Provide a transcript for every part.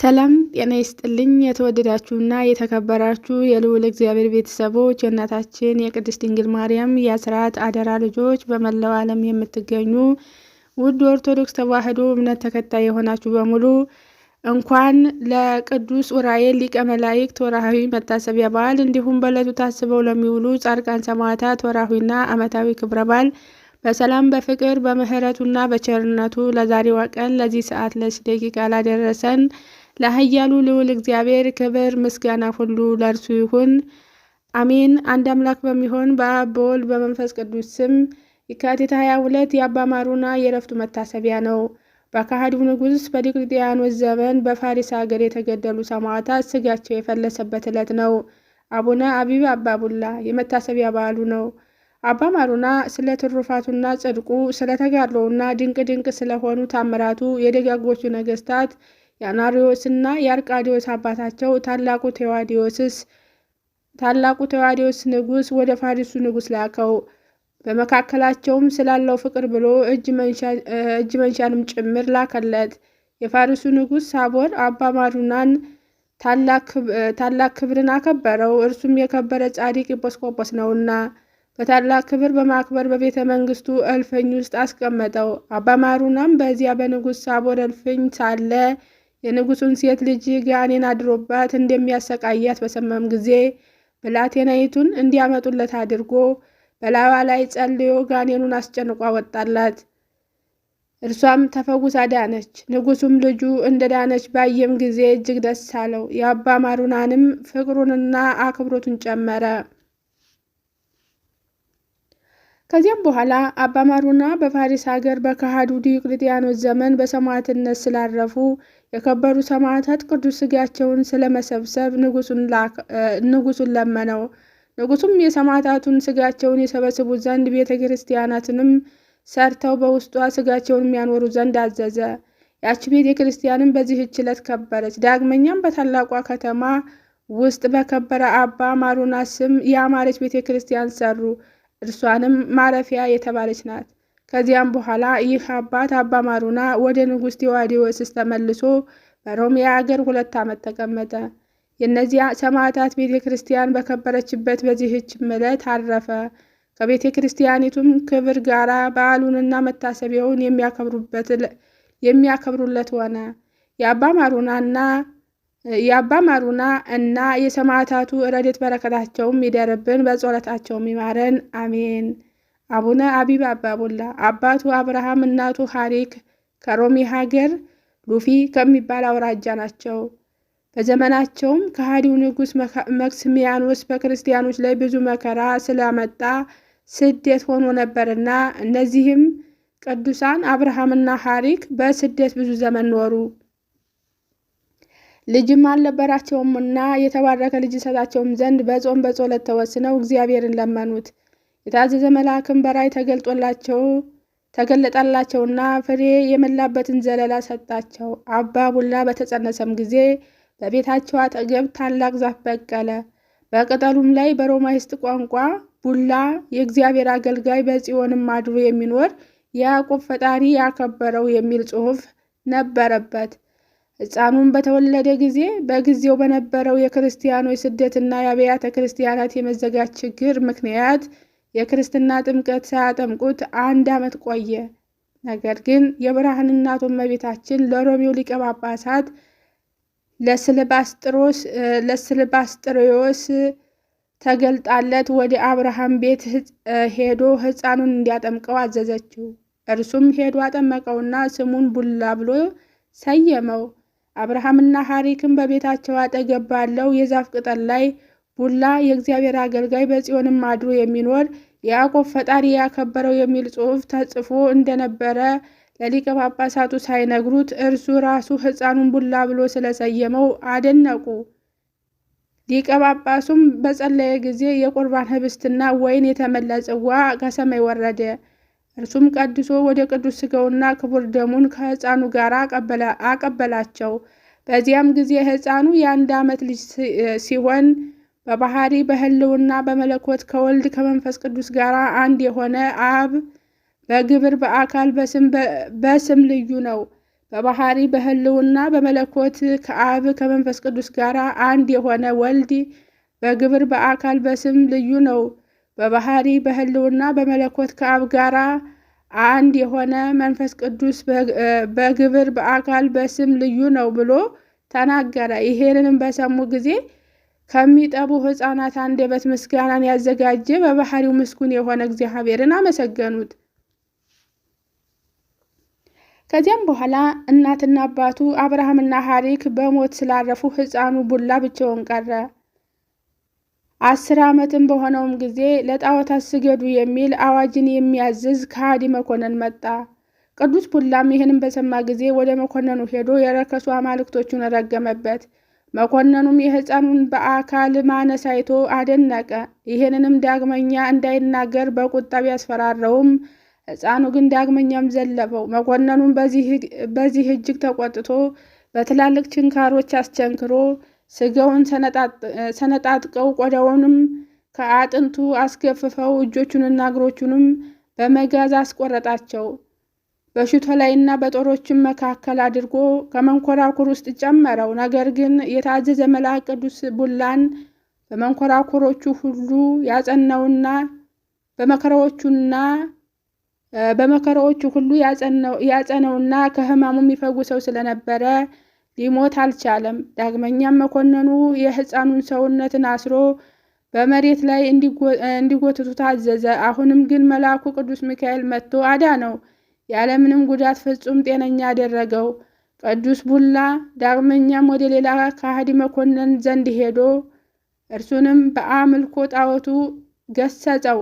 ሰላም ጤና ይስጥልኝ። የተወደዳችሁና የተከበራችሁ የልዑል እግዚአብሔር ቤተሰቦች የእናታችን የቅድስት ድንግል ማርያም የአስራት አደራ ልጆች በመላው ዓለም የምትገኙ ውድ ኦርቶዶክስ ተዋሕዶ እምነት ተከታይ የሆናችሁ በሙሉ እንኳን ለቅዱስ ዑራኤል ሊቀ መላእክት ወርኃዊ መታሰቢያ በዓል እንዲሁም በዕለቱ ታስበው ለሚውሉ ጻድቃን ሰማዕታት ወራዊና ዓመታዊ ክብረ በዓል በሰላም በፍቅር በምህረቱና በቸርነቱ ለዛሬዋ ቀን ለዚህ ሰዓት ለዚህ ደቂቃ ላደረሰን ለኃያሉ ልዑል እግዚአብሔር ክብር ምስጋና ሁሉ ለእርሱ ይሁን፣ አሜን። አንድ አምላክ በሚሆን በአብ በወልድ በመንፈስ ቅዱስ ስም የካቲት 22 የአባ ማሩና የዕረፍቱ መታሰቢያ ነው። በካሃዲው ንጉሥ በዲዮቅልጥያኖስ ዘመን በፋሪስ ሀገር የተገደሉ ሰማዕታት ስጋቸው የፈለሰበት ዕለት ነው። አቡነ አቢብ አባቡላ የመታሰቢያ በዓሉ ነው። አባ ማሩና ስለ ትሩፋቱና ጽድቁ ስለ ተጋድሎውና ድንቅ ድንቅ ስለሆኑ ታምራቱ የደጋጎቹ ነገስታት የአናሪዎስና የአርቃዲዎስ አባታቸው ታላቁ ቴዋዲዎስስ ታላቁ ቴዋዲዎስ ንጉስ ወደ ፋሪሱ ንጉስ ላከው። በመካከላቸውም ስላለው ፍቅር ብሎ እጅ መንሻንም ጭምር ላከለት። የፋሪሱ ንጉስ ሳቦር አባ ማሩናን ታላቅ ክብርን አከበረው። እርሱም የከበረ ጻድቅ ኤጲስ ነውና በታላቅ ክብር በማክበር በቤተ መንግስቱ እልፍኝ ውስጥ አስቀመጠው። አባ ማሩናም በዚያ በንጉሥ ሳቦር እልፍኝ ሳለ የንጉሱን ሴት ልጅ ጋኔን አድሮባት እንደሚያሰቃያት በሰማም ጊዜ ብላቴናይቱን እንዲያመጡለት አድርጎ በላባ ላይ ጸልዮ ጋኔኑን አስጨንቋ ወጣላት። እርሷም ተፈውሳ ዳነች። ንጉሱም ልጁ እንደ ዳነች ባየም ጊዜ እጅግ ደስ አለው። የአባ ማሩናንም ፍቅሩንና አክብሮቱን ጨመረ። ከዚያም በኋላ አባ ማሩና በፋሪስ ሀገር በካሃዱ ዲዮቅልጥያኖስ ዘመን በሰማዕትነት ስላረፉ የከበሩ ሰማዕታት ቅዱስ ስጋቸውን ስለመሰብሰብ ንጉሱን ለመነው። ንጉሱም የሰማዕታቱን ስጋቸውን የሰበስቡ ዘንድ ቤተ ክርስቲያናትንም ሰርተው በውስጧ ስጋቸውን የሚያኖሩ ዘንድ አዘዘ። ያቺ ቤተ ክርስቲያንም በዚህች ዕለት ከበረች። ዳግመኛም በታላቋ ከተማ ውስጥ በከበረ አባ ማሩና ስም የአማረች ቤተ ክርስቲያን ሰሩ። እርሷንም ማረፊያ የተባለች ናት። ከዚያም በኋላ ይህ አባት አባ ማሩና ወደ ንጉሥ ቴዎድዎስ ተመልሶ በሮሚያ አገር ሁለት ዓመት ተቀመጠ። የእነዚያ ሰማዕታት ቤተ ክርስቲያን በከበረችበት በዚህች ዕለት አረፈ። ከቤተ ክርስቲያኒቱም ክብር ጋራ በዓሉንና መታሰቢያውን የሚያከብሩለት ሆነ። የአባ ማሩናና የአባ ማሩና እና የሰማዕታቱ ረድኤት በረከታቸውም ይደርብን፣ በጸሎታቸውም ይማረን፣ አሜን። አቡነ አቢብ አባቡላ አባቱ አብርሃም እናቱ ሐሪክ ከሮሚ ሀገር ሉፊ ከሚባል አውራጃ ናቸው። በዘመናቸውም ከሃዲው ንጉሥ መክስሚያኖስ በክርስቲያኖች ላይ ብዙ መከራ ስላመጣ ስደት ሆኖ ነበርና እነዚህም ቅዱሳን አብርሃምና ሐሪክ በስደት ብዙ ዘመን ኖሩ። ልጅም አልነበራቸውም እና የተባረከ ልጅ ይሰጣቸውም ዘንድ በጾም በጸሎት ተወስነው እግዚአብሔርን ለመኑት። የታዘዘ መልአክም በራእይ ተገልጦላቸው ተገለጠላቸውና ፍሬ የሞላበትን ዘለላ ሰጣቸው። አባ ቡላ በተጸነሰም ጊዜ በቤታቸው አጠገብ ታላቅ ዛፍ በቀለ። በቅጠሉም ላይ በሮማይስጥ ቋንቋ ቡላ የእግዚአብሔር አገልጋይ በጽዮንም አድሮ የሚኖር የያዕቆብ ፈጣሪ ያከበረው የሚል ጽሑፍ ነበረበት። ህፃኑን በተወለደ ጊዜ በጊዜው በነበረው የክርስቲያኖች ስደትና የአብያተ ክርስቲያናት የመዘጋት ችግር ምክንያት የክርስትና ጥምቀት ሳያጠምቁት አንድ ዓመት ቆየ። ነገር ግን የብርሃን እናት እመቤታችን ለሮሚው ሊቀ ጳጳሳት ለስልባስጥሮዎስ ተገልጣለት ወደ አብርሃም ቤት ሄዶ ሕፃኑን እንዲያጠምቀው አዘዘችው። እርሱም ሄዶ አጠመቀውና ስሙን ቡላ ብሎ ሰየመው። አብርሃምና ሐሪክም በቤታቸው አጠገብ ባለው የዛፍ ቅጠል ላይ ቡላ የእግዚአብሔር አገልጋይ በጽዮንም አድሮ የሚኖር የያዕቆብ ፈጣሪ ያከበረው የሚል ጽሑፍ ተጽፎ እንደነበረ ለሊቀ ጳጳሳቱ ሳይነግሩት እርሱ ራሱ ሕፃኑን ቡላ ብሎ ስለሰየመው አደነቁ። ሊቀ ጳጳሱም በጸለየ ጊዜ የቁርባን ህብስትና ወይን የተመላ ጽዋ ከሰማይ ወረደ። እርሱም ቀድሶ ወደ ቅዱስ ሥጋውና ክቡር ደሙን ከሕፃኑ ጋር አቀበላቸው። በዚያም ጊዜ ሕፃኑ የአንድ ዓመት ልጅ ሲሆን በባህሪ በሕልውና በመለኮት ከወልድ ከመንፈስ ቅዱስ ጋር አንድ የሆነ አብ በግብር በአካል በስም ልዩ ነው። በባህሪ በሕልውና በመለኮት ከአብ ከመንፈስ ቅዱስ ጋር አንድ የሆነ ወልድ በግብር በአካል በስም ልዩ ነው። በባህሪ በህልውና በመለኮት ከአብ ጋራ አንድ የሆነ መንፈስ ቅዱስ በግብር በአካል በስም ልዩ ነው ብሎ ተናገረ። ይሄንንም በሰሙ ጊዜ ከሚጠቡ ሕፃናት አንደበት ምስጋናን ያዘጋጀ በባህሪው ምስጉን የሆነ እግዚአብሔርን አመሰገኑት። ከዚያም በኋላ እናትና አባቱ አብርሃምና ሐሪክ በሞት ስላረፉ ሕፃኑ ቡላ ብቻውን ቀረ። አስር ዓመትም በሆነውም ጊዜ ለጣዖታት ስገዱ የሚል አዋጅን የሚያዝዝ ከሃዲ መኮንን መጣ። ቅዱስ ቡላም ይህንም በሰማ ጊዜ ወደ መኮንኑ ሄዶ የረከሱ አማልክቶቹን ረገመበት። መኮንኑም የሕፃኑን በአካል ማነስ አይቶ አደነቀ። ይህንንም ዳግመኛ እንዳይናገር በቁጣ ቢያስፈራረውም ሕፃኑ ግን ዳግመኛም ዘለፈው። መኮንኑም በዚህ እጅግ ተቆጥቶ በትላልቅ ችንካሮች አስቸንክሮ ስጋውን ሰነጣጥቀው ቆዳውንም ከአጥንቱ አስገፍፈው እጆቹንና እግሮቹንም በመጋዝ አስቆረጣቸው። በሽቶ ላይና በጦሮችን መካከል አድርጎ ከመንኮራኩር ውስጥ ጨመረው። ነገር ግን የታዘዘ መልአክ ቅዱስ ቡላን በመንኮራኩሮቹ ሁሉ ያጸናውና በመከራዎቹና በመከራዎቹ ሁሉ ያጸነውና ከህማሙ የሚፈውሰው ስለነበረ ሊሞት አልቻለም። ዳግመኛም መኮንኑ የሕፃኑን ሰውነትን አስሮ በመሬት ላይ እንዲጎትቱ ታዘዘ። አሁንም ግን መልአኩ ቅዱስ ሚካኤል መጥቶ ነው። ያለምንም ጉዳት ፍጹም ጤነኛ አደረገው። ቅዱስ ቡላ ዳግመኛም ወደ ሌላ ከሃዲ መኮንን ዘንድ ሄዶ እርሱንም በአምልኮ ጣዖቱ ገሰጸው።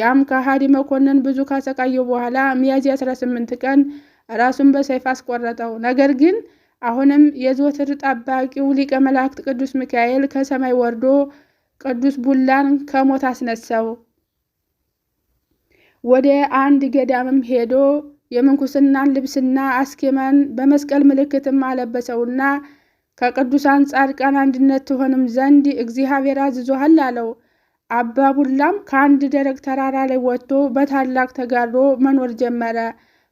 ያም ከሃዲ መኮንን ብዙ ካሰቃየው በኋላ ሚያዝያ 18 ቀን ራሱን በሰይፍ አስቆረጠው። ነገር ግን አሁንም የዘወትር ጠባቂው ሊቀ መላእክት ቅዱስ ሚካኤል ከሰማይ ወርዶ ቅዱስ ቡላን ከሞት አስነሳው። ወደ አንድ ገዳምም ሄዶ የምንኩስናን ልብስና አስኬማን በመስቀል ምልክትም አለበሰውና ከቅዱሳን ጻድቃን አንድነት ትሆንም ዘንድ እግዚአብሔር አዝዞሃል አለው። አባ ቡላም ከአንድ ደረቅ ተራራ ላይ ወጥቶ በታላቅ ተጋድሎ መኖር ጀመረ።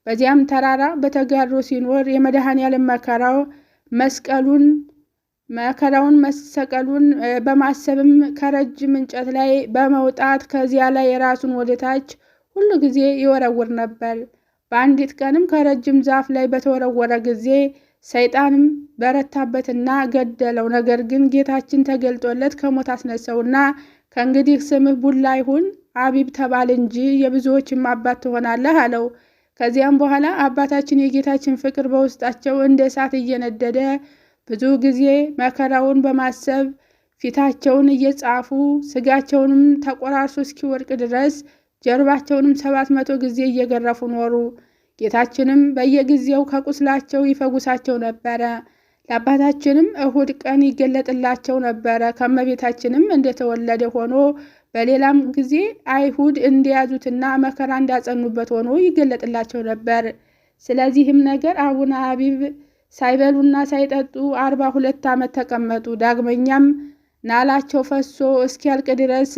በዚያም ተራራ በተጋሮ ሲኖር የመድኃኔዓለም መከራው መስቀሉን መከራውን መሰቀሉን በማሰብም ከረጅም እንጨት ላይ በመውጣት ከዚያ ላይ የራሱን ወደታች ሁሉ ጊዜ ይወረውር ነበር። በአንዲት ቀንም ከረጅም ዛፍ ላይ በተወረወረ ጊዜ ሰይጣንም በረታበትና ገደለው። ነገር ግን ጌታችን ተገልጦለት ከሞት አስነሳውና ከእንግዲህ ስምህ ቡላ ይሁን አቢብ ተባል እንጂ የብዙዎችም አባት ትሆናለህ አለው። ከዚያም በኋላ አባታችን የጌታችን ፍቅር በውስጣቸው እንደ እሳት እየነደደ ብዙ ጊዜ መከራውን በማሰብ ፊታቸውን እየጻፉ ስጋቸውንም ተቆራርሶ እስኪወድቅ ድረስ ጀርባቸውንም ሰባት መቶ ጊዜ እየገረፉ ኖሩ። ጌታችንም በየጊዜው ከቁስላቸው ይፈጉሳቸው ነበረ። የአባታችንም እሁድ ቀን ይገለጥላቸው ነበረ። ከእመቤታችንም እንደተወለደ ሆኖ በሌላም ጊዜ አይሁድ እንደያዙትና መከራ እንዳጸኑበት ሆኖ ይገለጥላቸው ነበር። ስለዚህም ነገር አቡነ አቢብ ሳይበሉና ሳይጠጡ አርባ ሁለት ዓመት ተቀመጡ። ዳግመኛም ናላቸው ፈሶ እስኪያልቅ ድረስ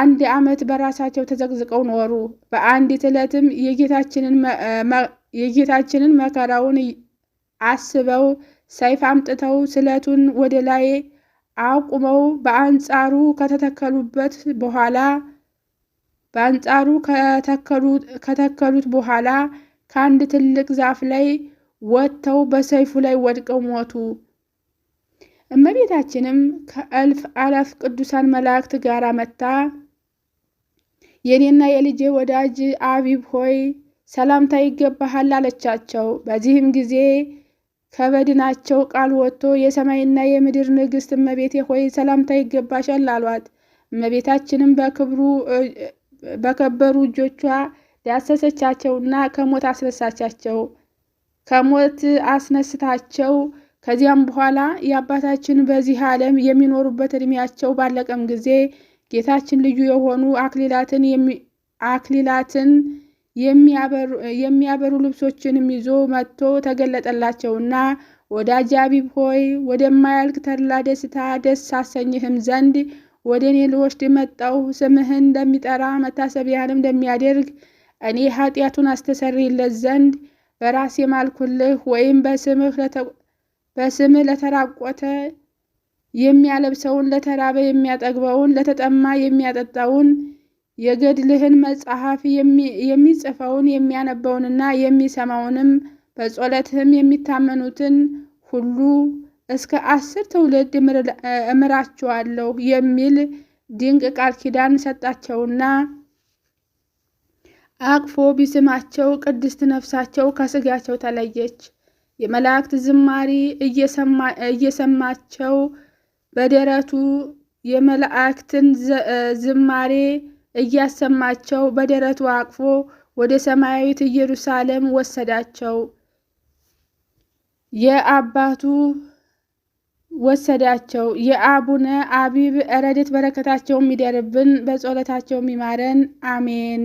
አንድ ዓመት በራሳቸው ተዘቅዝቀው ኖሩ። በአንዲት ዕለትም የጌታችንን መከራውን አስበው ሰይፍ አምጥተው ስለቱን ወደ ላይ አቁመው በአንጻሩ ከተተከሉበት በኋላ በአንጻሩ ከተከሉት በኋላ ከአንድ ትልቅ ዛፍ ላይ ወጥተው በሰይፉ ላይ ወድቀው ሞቱ። እመቤታችንም ከእልፍ አላፍ ቅዱሳን መላእክት ጋር መጥታ የኔና የልጄ ወዳጅ አቢብ ሆይ ሰላምታ ይገባሃል አለቻቸው። በዚህም ጊዜ ከበድናቸው ቃል ወጥቶ የሰማይና የምድር ንግሥት እመቤቴ ሆይ ሰላምታ ይገባሻል አሏት። እመቤታችንም በከበሩ እጆቿ ዳሰሰቻቸውና ከሞት አስነሳቻቸው ከሞት አስነስታቸው። ከዚያም በኋላ የአባታችን በዚህ ዓለም የሚኖሩበት ዕድሜያቸው ባለቀም ጊዜ ጌታችን ልዩ የሆኑ አክሊላትን አክሊላትን የሚያበሩ ልብሶችንም ይዞ መጥቶ ተገለጠላቸውና ወዳጅ አቢብ ሆይ ወደማያልቅ ተድላ ደስታ ደስ አሰኝህም ዘንድ ወደ እኔ ልወስድ መጣው ስምህን እንደሚጠራ መታሰቢያንም እንደሚያደርግ እኔ ኃጢአቱን አስተሰርይለት ዘንድ በራሴ ማልኩልህ። ወይም በስምህ ለተራቆተ የሚያለብሰውን፣ ለተራበ የሚያጠግበውን፣ ለተጠማ የሚያጠጣውን የገድልህን መጽሐፍ የሚጽፈውን የሚያነበውንና የሚሰማውንም በጸሎትህም የሚታመኑትን ሁሉ እስከ አስር ትውልድ እምራችኋለሁ የሚል ድንቅ ቃል ኪዳን ሰጣቸውና አቅፎ ቢስማቸው ቅድስት ነፍሳቸው ከስጋቸው ተለየች። የመላእክት ዝማሪ እየሰማቸው በደረቱ የመላእክትን ዝማሬ እያሰማቸው በደረቱ አቅፎ ወደ ሰማያዊት ኢየሩሳሌም ወሰዳቸው። የአባቱ ወሰዳቸው። የአቡነ አቢብ ረድኤት በረከታቸው የሚደርብን በጸሎታቸው የሚማረን አሜን።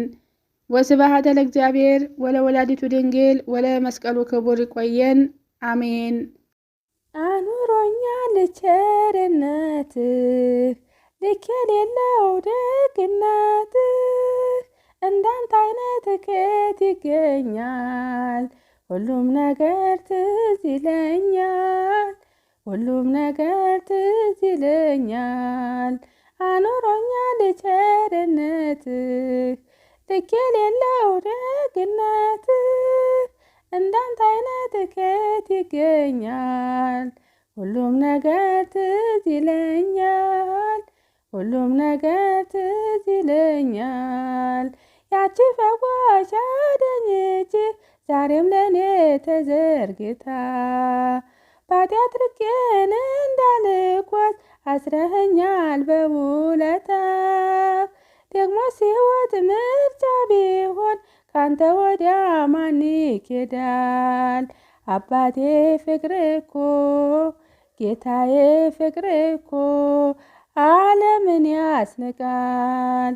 ወስብሐት ለእግዚአብሔር ወለወላዲቱ ድንግል ወለመስቀሉ ክቡር። ይቆየን። አሜን። አኑሮኛ ቸርነትህ የከሌለው ደግነትህ እንዳንተ አይነት ከየት ይገኛል? ሁሉም ነገር ትዝ ይለኛል፣ ሁሉም ነገር ትዝ ይለኛል። አኖሮኛል ቸርነትህ ልክ የሌለው ደግነትህ እንዳንተ አይነት ከየት ይገኛል? ሁሉም ነገር ትዝ ይለኛል ሁሉም ነገር ትዝ ይለኛል። ያቺ ፈዋሽ አዳነች ዛሬም ለእኔ ተዘርግታ ባጢአት ርቄን እንዳልኳት አስረህኛል በውለታ ደግሞ ሲወት ምርጫ ቢሆን ካንተ ወዲያ ማን ይኬዳል? አባቴ ፍቅር እኮ ጌታዬ ፍቅር እኮ ዓለምን ያስንቃል